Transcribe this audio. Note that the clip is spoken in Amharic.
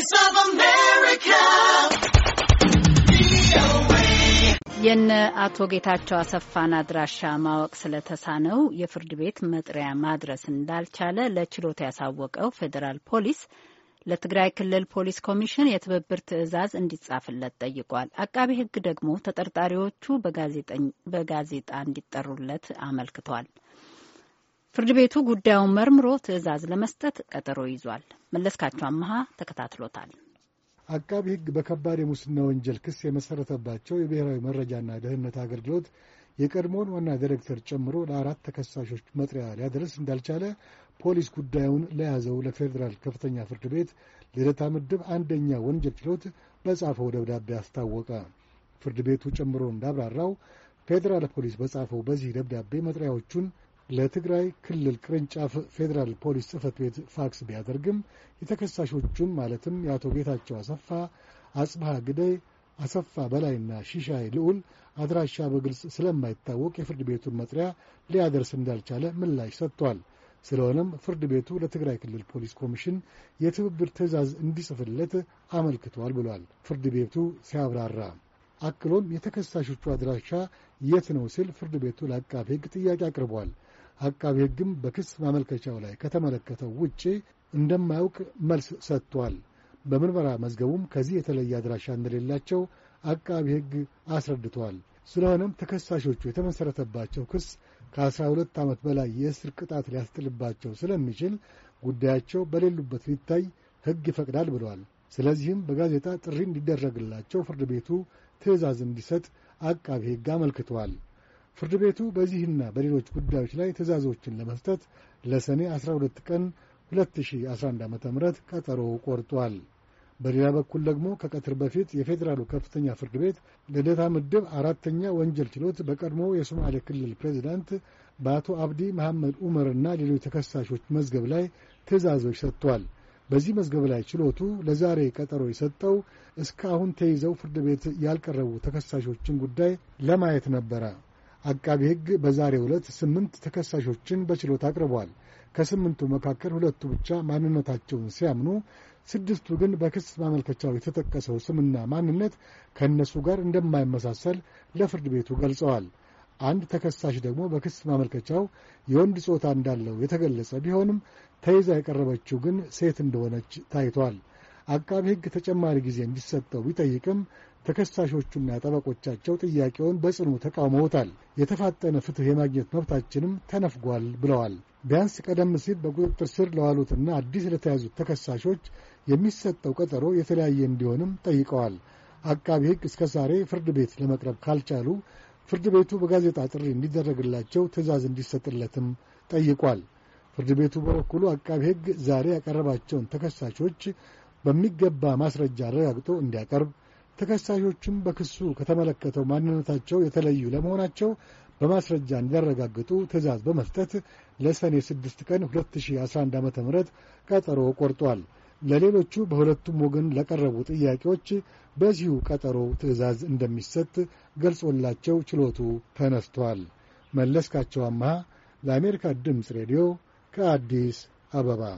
Voice of America. የነ አቶ ጌታቸው አሰፋን አድራሻ ማወቅ ስለተሳነው የፍርድ ቤት መጥሪያ ማድረስ እንዳልቻለ ለችሎት ያሳወቀው ፌዴራል ፖሊስ ለትግራይ ክልል ፖሊስ ኮሚሽን የትብብር ትዕዛዝ እንዲጻፍለት ጠይቋል። አቃቤ ሕግ ደግሞ ተጠርጣሪዎቹ በጋዜጣ እንዲጠሩለት አመልክቷል። ፍርድ ቤቱ ጉዳዩን መርምሮ ትዕዛዝ ለመስጠት ቀጠሮ ይዟል። መለስካቸው አመሃ ተከታትሎታል። አቃቢ ሕግ በከባድ የሙስና ወንጀል ክስ የመሰረተባቸው የብሔራዊ መረጃና ደህንነት አገልግሎት የቀድሞውን ዋና ዲሬክተር ጨምሮ ለአራት ተከሳሾች መጥሪያ ሊያደርስ እንዳልቻለ ፖሊስ ጉዳዩን ለያዘው ለፌዴራል ከፍተኛ ፍርድ ቤት ልደታ ምድብ አንደኛ ወንጀል ችሎት በጻፈው ደብዳቤ አስታወቀ። ፍርድ ቤቱ ጨምሮ እንዳብራራው ፌዴራል ፖሊስ በጻፈው በዚህ ደብዳቤ መጥሪያዎቹን ለትግራይ ክልል ቅርንጫፍ ፌዴራል ፖሊስ ጽህፈት ቤት ፋክስ ቢያደርግም የተከሳሾቹም ማለትም የአቶ ጌታቸው አሰፋ፣ አጽብሃ ግደይ፣ አሰፋ በላይና ሺሻይ ልዑል አድራሻ በግልጽ ስለማይታወቅ የፍርድ ቤቱን መጥሪያ ሊያደርስ እንዳልቻለ ምላሽ ሰጥቷል። ስለሆነም ፍርድ ቤቱ ለትግራይ ክልል ፖሊስ ኮሚሽን የትብብር ትዕዛዝ እንዲጽፍለት አመልክቷል ብሏል። ፍርድ ቤቱ ሲያብራራ አክሎም የተከሳሾቹ አድራሻ የት ነው ሲል ፍርድ ቤቱ ለአቃቤ ሕግ ጥያቄ አቅርቧል። አቃቢ ሕግም በክስ ማመልከቻው ላይ ከተመለከተው ውጪ እንደማያውቅ መልስ ሰጥቷል። በምርመራ መዝገቡም ከዚህ የተለየ አድራሻ እንደሌላቸው አቃቢ ሕግ አስረድቷል። ስለሆነም ተከሳሾቹ የተመሠረተባቸው ክስ ከአስራ ሁለት ዓመት በላይ የእስር ቅጣት ሊያስጥልባቸው ስለሚችል ጉዳያቸው በሌሉበት ሊታይ ሕግ ይፈቅዳል ብለዋል። ስለዚህም በጋዜጣ ጥሪ እንዲደረግላቸው ፍርድ ቤቱ ትዕዛዝ እንዲሰጥ አቃቢ ሕግ አመልክተዋል። ፍርድ ቤቱ በዚህና በሌሎች ጉዳዮች ላይ ትእዛዞችን ለመስጠት ለሰኔ 12 ቀን 2011 ዓ ም ቀጠሮ ቆርጧል። በሌላ በኩል ደግሞ ከቀትር በፊት የፌዴራሉ ከፍተኛ ፍርድ ቤት ልደታ ምድብ አራተኛ ወንጀል ችሎት በቀድሞ የሶማሌ ክልል ፕሬዚዳንት በአቶ አብዲ መሐመድ ዑመርና ሌሎች ተከሳሾች መዝገብ ላይ ትእዛዞች ሰጥቷል። በዚህ መዝገብ ላይ ችሎቱ ለዛሬ ቀጠሮ የሰጠው እስከ አሁን ተይዘው ፍርድ ቤት ያልቀረቡ ተከሳሾችን ጉዳይ ለማየት ነበረ። አቃቢ ሕግ በዛሬ ዕለት ስምንት ተከሳሾችን በችሎት አቅርበዋል። ከስምንቱ መካከል ሁለቱ ብቻ ማንነታቸውን ሲያምኑ፣ ስድስቱ ግን በክስ ማመልከቻው የተጠቀሰው ስምና ማንነት ከእነሱ ጋር እንደማይመሳሰል ለፍርድ ቤቱ ገልጸዋል። አንድ ተከሳሽ ደግሞ በክስ ማመልከቻው የወንድ ጾታ እንዳለው የተገለጸ ቢሆንም ተይዛ የቀረበችው ግን ሴት እንደሆነች ታይቷል። አቃቢ ሕግ ተጨማሪ ጊዜ እንዲሰጠው ቢጠይቅም ተከሳሾቹና ጠበቆቻቸው ጥያቄውን በጽኑ ተቃውመውታል። የተፋጠነ ፍትህ የማግኘት መብታችንም ተነፍጓል ብለዋል። ቢያንስ ቀደም ሲል በቁጥጥር ስር ለዋሉትና አዲስ ለተያዙት ተከሳሾች የሚሰጠው ቀጠሮ የተለያየ እንዲሆንም ጠይቀዋል። አቃቢ ሕግ እስከ ዛሬ ፍርድ ቤት ለመቅረብ ካልቻሉ ፍርድ ቤቱ በጋዜጣ ጥሪ እንዲደረግላቸው ትዕዛዝ እንዲሰጥለትም ጠይቋል። ፍርድ ቤቱ በበኩሉ አቃቢ ሕግ ዛሬ ያቀረባቸውን ተከሳሾች በሚገባ ማስረጃ አረጋግጦ እንዲያቀርብ ተከሳሾችም በክሱ ከተመለከተው ማንነታቸው የተለዩ ለመሆናቸው በማስረጃ እንዲያረጋግጡ ትእዛዝ በመስጠት ለሰኔ 6 ቀን 2011 ዓ ም ቀጠሮ ቆርጧል። ለሌሎቹ በሁለቱም ወገን ለቀረቡ ጥያቄዎች በዚሁ ቀጠሮ ትእዛዝ እንደሚሰጥ ገልጾላቸው ችሎቱ ተነስቷል። መለስካቸው አመሃ ለአሜሪካ ድምፅ ሬዲዮ ከአዲስ አበባ